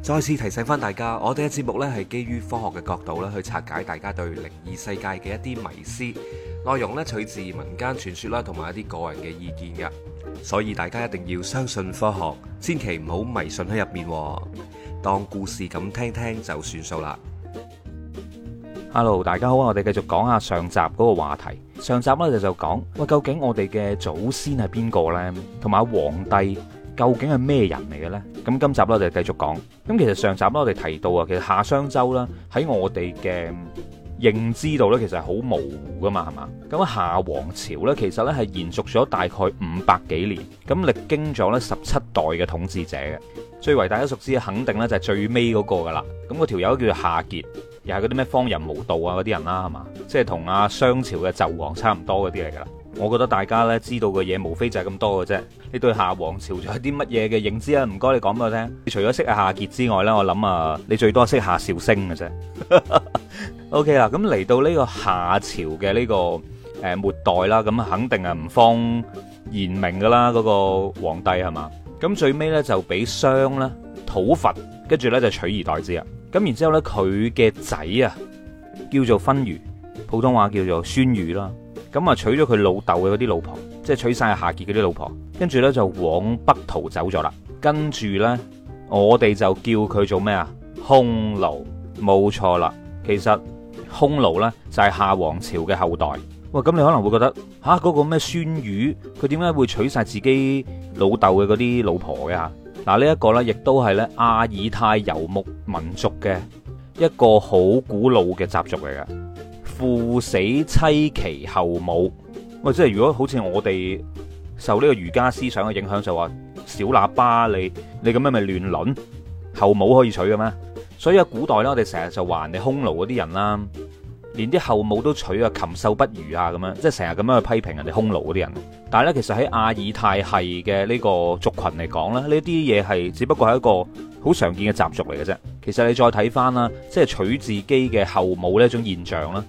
再次提醒翻大家，我哋嘅節目呢係基於科學嘅角度啦，去拆解大家對靈異世界嘅一啲迷思。內容呢取自民間傳說啦，同埋一啲個人嘅意見嘅，所以大家一定要相信科學，千祈唔好迷信喺入面，當故事咁聽聽就算數啦。Hello，大家好，我哋繼續講下上集嗰個話題。上集呢就就講喂，究竟我哋嘅祖先係邊個呢？同埋皇帝。究竟係咩人嚟嘅咧？咁今集咧我哋繼續講。咁其實上集咧我哋提到啊，其實夏商周啦喺我哋嘅認知度咧，其實係好模糊噶嘛，係嘛？咁夏王朝咧，其實咧係延續咗大概五百幾年，咁歷經咗咧十七代嘅統治者嘅。最為大家熟知嘅肯定咧就係最尾嗰個噶啦。咁嗰條友叫做夏桀，又係嗰啲咩荒淫無道啊嗰啲人啦，係嘛？即係同阿商朝嘅紂王差唔多嗰啲嚟噶啦。我覺得大家咧知道嘅嘢，無非就係咁多嘅啫。你對夏王朝仲有啲乜嘢嘅認知啊？唔該，你講俾我聽。你除咗識下夏桀之外咧，我諗啊，你最多識下少星嘅啫。 OK 啦，咁嚟到呢個夏朝嘅呢個誒末代啦，咁肯定係唔方賢明噶啦，嗰、那個皇帝係嘛？咁最尾咧就俾商咧討伐，跟住咧就取而代之啊。咁然之後咧佢嘅仔啊，叫做獯鬻，普通話叫做獯鬻啦。咁啊，娶咗佢老豆嘅嗰啲老婆，即係娶晒夏桀嗰啲老婆，跟住呢，就往北逃走咗啦。跟住呢，我哋就叫佢做咩啊？匈奴，冇錯啦。其實匈奴呢，就係、是、夏王朝嘅後代。喂，咁你可能會覺得，吓、啊、嗰、那個咩孫羽，佢點解會娶晒自己老豆嘅嗰啲老婆嘅？嗱、啊，呢、這、一個呢，亦都係呢阿爾泰游牧民族嘅一個好古老嘅習俗嚟嘅。父死妻其後母，喂，即係如果好似我哋受呢個儒家思想嘅影響，就話小喇叭你，你咁樣咪亂倫，後母可以娶嘅咩？所以喺古代咧，我哋成日就話人哋匈奴嗰啲人啦，連啲後母都娶啊，禽獸不如啊，咁樣即係成日咁樣去批評人哋匈奴嗰啲人。但係咧，其實喺阿爾泰系嘅呢個族群嚟講咧，呢啲嘢係只不過係一個好常見嘅習俗嚟嘅啫。其實你再睇翻啦，即係娶自己嘅後母呢一種現象咧。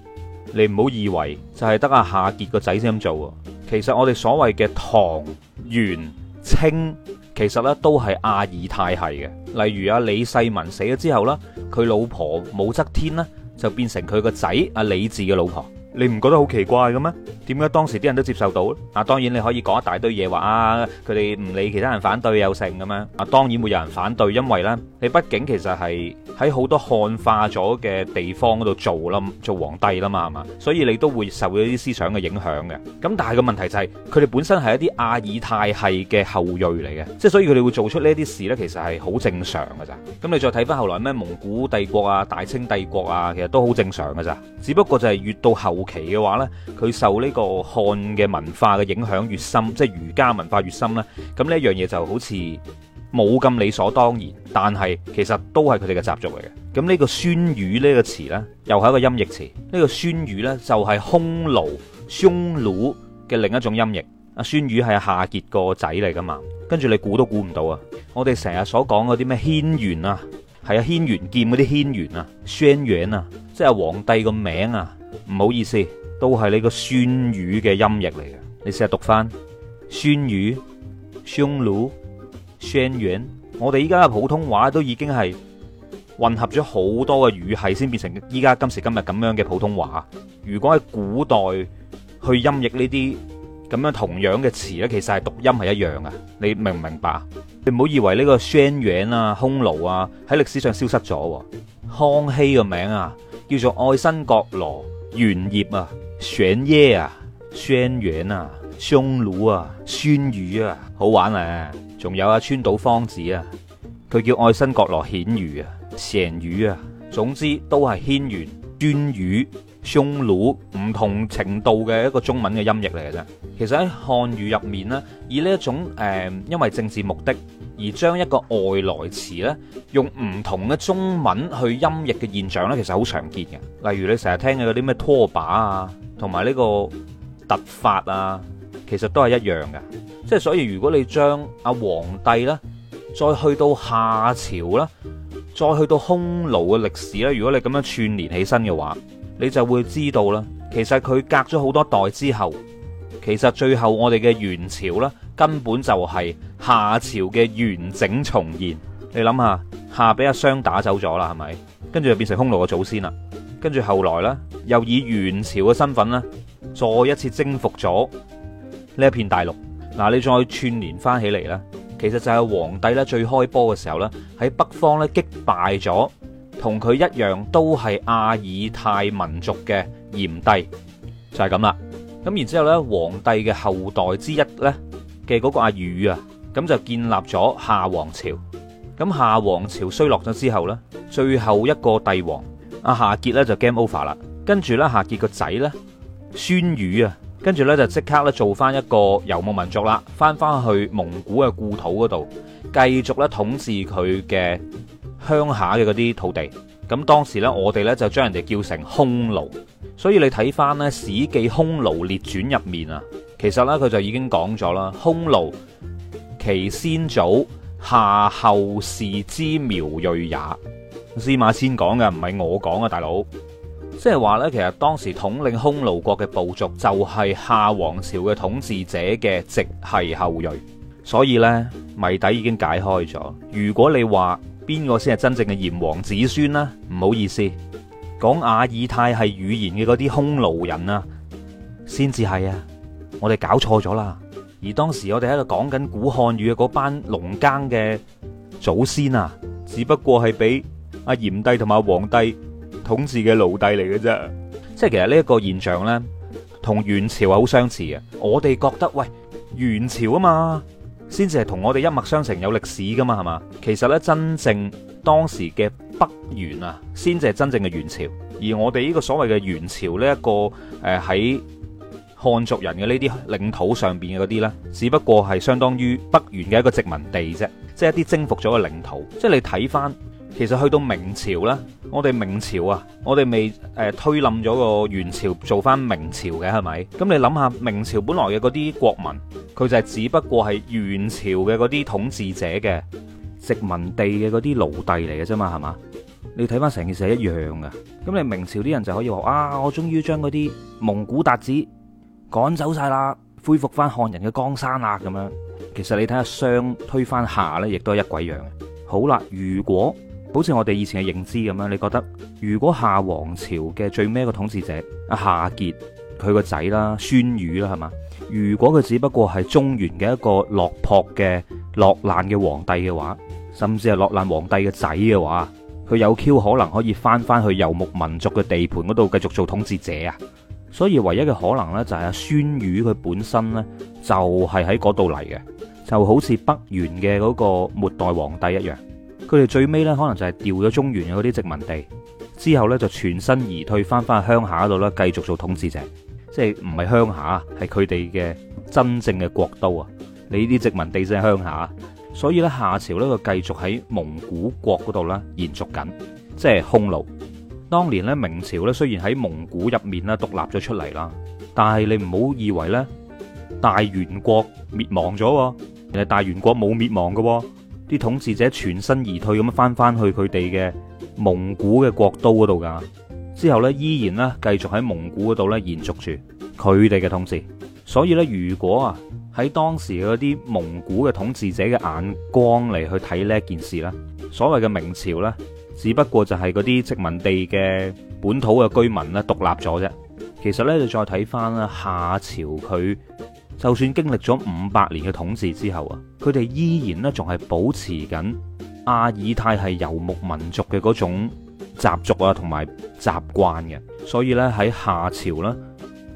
你唔好以為就係得阿夏桀個仔先咁做，其實我哋所謂嘅唐、元、清，其實咧都係阿爾泰系嘅。例如阿李世民死咗之後呢，佢老婆武則天呢，就變成佢個仔阿李治嘅老婆。你唔覺得好奇怪嘅咩？點解當時啲人都接受到啊，當然你可以講一大堆嘢話啊，佢哋唔理其他人反對有成咁樣。啊，當然會有人反對，因為呢，你畢竟其實係喺好多漢化咗嘅地方嗰度做啦，做皇帝啦嘛，係嘛？所以你都會受一啲思想嘅影響嘅。咁但係個問題就係、是，佢哋本身係一啲亞爾泰系嘅後裔嚟嘅，即係所以佢哋會做出呢啲事呢，其實係好正常嘅咋。咁你再睇翻後來咩蒙古帝國啊、大清帝國啊，其實都好正常嘅咋。只不過就係越到後後期嘅話呢，佢受呢個漢嘅文化嘅影響越深，即係儒家文化越深咧。咁呢一樣嘢就好似冇咁理所當然，但係其實都係佢哋嘅習俗嚟嘅。咁呢個孫羽呢個詞呢，又係一個音譯詞。呢、這個孫羽呢，就係、是、匈奴匈奴嘅另一種音譯。阿孫羽係夏桀個仔嚟㗎嘛？跟住你估都估唔到啊！我哋成日所講嗰啲咩軒轅啊，係啊軒轅劍嗰啲軒轅啊，宣轅啊，啊，啊，啊，即係皇帝個名啊。唔好意思，都係呢個酸語嘅音譯嚟嘅。你試下讀翻酸語、匈奴、酸軟。我哋依家嘅普通話都已經係混合咗好多嘅語系，先變成依家今時今日咁樣嘅普通話。如果喺古代去音譯呢啲咁樣同樣嘅詞咧，其實係讀音係一樣㗎。你明唔明白？你唔好以為呢個酸軟啊、匈奴啊喺歷史上消失咗。康熙個名啊，叫做愛新覺羅。玄葉啊，玄葉啊，軒轅啊，匈奴啊，酸魚啊，好玩啊！仲有啊，川島芳子啊，佢叫愛新覺羅顯玗啊，成宇啊，總之都係軒轅、尊宇、匈奴唔同程度嘅一個中文嘅音譯嚟嘅啫。其實喺漢語入面咧，以呢一種誒、嗯，因為政治目的。而將一個外來詞咧，用唔同嘅中文去音譯嘅現象咧，其實好常見嘅。例如你成日聽嘅嗰啲咩拖把啊，同埋呢個突發啊，其實都係一樣嘅。即係所以，如果你將阿黃帝呢，再去到夏朝啦，再去到匈奴嘅歷史呢，如果你咁樣串連起身嘅話，你就會知道啦。其實佢隔咗好多代之後。其實最後我哋嘅元朝呢，根本就係夏朝嘅完整重現。你諗下，夏俾阿商打走咗啦，係咪？跟住就變成匈奴嘅祖先啦。跟住後來呢，又以元朝嘅身份呢，再一次征服咗呢一片大陸。嗱，你再串聯翻起嚟呢。其實就係黃帝呢，最開波嘅時候呢，喺北方呢擊敗咗同佢一樣都係阿爾泰民族嘅炎帝，就係咁啦。咁然之後呢，皇帝嘅後代之一呢，嘅嗰個阿禹啊，咁就建立咗夏王朝。咁夏王朝衰落咗之後呢，最後一個帝王，阿夏桀呢，就 game over 啦。跟住呢，夏桀個仔呢，孫禹啊，跟住呢，就即刻呢，做翻一個遊牧民族啦，翻翻去蒙古嘅故土嗰度，繼續呢統治佢嘅鄉下嘅嗰啲土地。咁當時呢，我哋呢就將人哋叫成匈奴，所以你睇翻呢《史記匈奴列傳》入面啊，其實呢，佢就已經講咗啦，匈奴其先祖夏後氏之苗裔也。司馬遷講嘅，唔係我講啊，大佬。即係話呢，其實當時統領匈奴國嘅部族就係夏王朝嘅統治者嘅直系後裔，所以呢，謎底已經解開咗。如果你話，邊個先係真正嘅炎黃子孫呢？唔好意思，講亞爾泰系語言嘅嗰啲匈奴人啊，先至係啊，我哋搞錯咗啦。而當時我哋喺度講緊古漢語嘅嗰班農耕嘅祖先啊，只不過係俾阿炎帝同埋黃帝統治嘅奴隸嚟嘅啫。即係其實呢一個現象呢，同元朝係好相似啊。我哋覺得喂，元朝啊嘛。先至係同我哋一脈相承有歷史噶嘛，係嘛？其實呢，真正當時嘅北元啊，先至係真正嘅元朝，而我哋呢個所謂嘅元朝呢一個誒喺漢族人嘅呢啲領土上邊嘅嗰啲呢，只不過係相當於北元嘅一個殖民地啫，即係一啲征服咗嘅領土，即係你睇翻。其實去到明朝呢，我哋明朝啊，我哋未誒、呃、推冧咗個元朝，做翻明朝嘅係咪？咁你諗下，明朝本來嘅嗰啲國民，佢就係只不過係元朝嘅嗰啲統治者嘅殖民地嘅嗰啲奴隸嚟嘅啫嘛，係嘛？你睇翻成件事係一樣噶。咁你明朝啲人就可以話：「啊，我終於將嗰啲蒙古達子趕走晒啦，恢復翻漢人嘅江山啦。咁樣，其實你睇下商推翻夏呢，亦都係一鬼樣。好啦，如果好似我哋以前嘅認知咁樣，你覺得如果夏王朝嘅最尾一個統治者夏阿夏桀佢個仔啦，孫宇啦係嘛？如果佢只不過係中原嘅一個落魄嘅落難嘅皇帝嘅話，甚至係落難皇帝嘅仔嘅話，佢有 Q 可能可以翻翻去游牧民族嘅地盤嗰度繼續做統治者啊！所以唯一嘅可能呢、啊，就係阿孫宇佢本身呢，就係喺嗰度嚟嘅，就好似北元嘅嗰個末代皇帝一樣。佢哋最尾咧，可能就係掉咗中原嗰啲殖民地，之後呢，就全身而退，翻翻去鄉下嗰度咧，繼續做統治者，即係唔係鄉下，係佢哋嘅真正嘅國都啊！你啲殖民地正係鄉下，所以呢，夏朝呢，佢繼續喺蒙古國嗰度啦，延續緊，即係匈奴。當年呢，明朝呢，雖然喺蒙古入面咧獨立咗出嚟啦，但係你唔好以為呢，大元國滅亡咗，原來大元國冇滅亡嘅。啲統治者全身而退，咁翻翻去佢哋嘅蒙古嘅國都嗰度㗎，之後呢，依然呢，繼續喺蒙古嗰度呢延續住佢哋嘅統治。所以呢，如果啊喺當時嗰啲蒙古嘅統治者嘅眼光嚟去睇呢件事呢，所謂嘅明朝呢，只不過就係嗰啲殖民地嘅本土嘅居民呢獨立咗啫。其實呢，你再睇翻啦，夏朝佢。就算經歷咗五百年嘅統治之後啊，佢哋依然咧，仲係保持緊阿爾泰係遊牧民族嘅嗰種習俗啊，同埋習慣嘅。所以咧喺夏朝啦，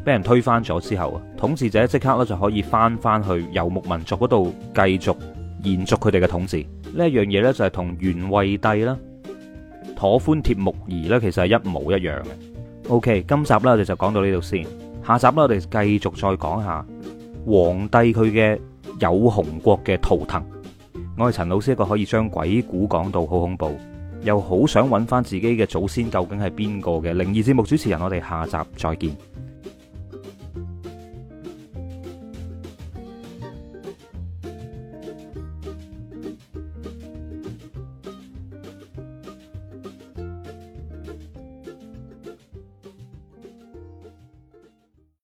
俾人推翻咗之後啊，統治者即刻咧就可以翻翻去遊牧民族嗰度繼續延續佢哋嘅統治呢一樣嘢咧，就係同元惠帝啦、妥歡鐵木兒咧，其實係一模一樣嘅。OK，今集咧我哋就講到呢度先，下集咧我哋繼續再講下。皇帝佢嘅有熊國嘅圖騰，我係陳老師一個可以將鬼故講到好恐怖，又好想揾翻自己嘅祖先究竟係邊個嘅靈異節目主持人，我哋下集再見。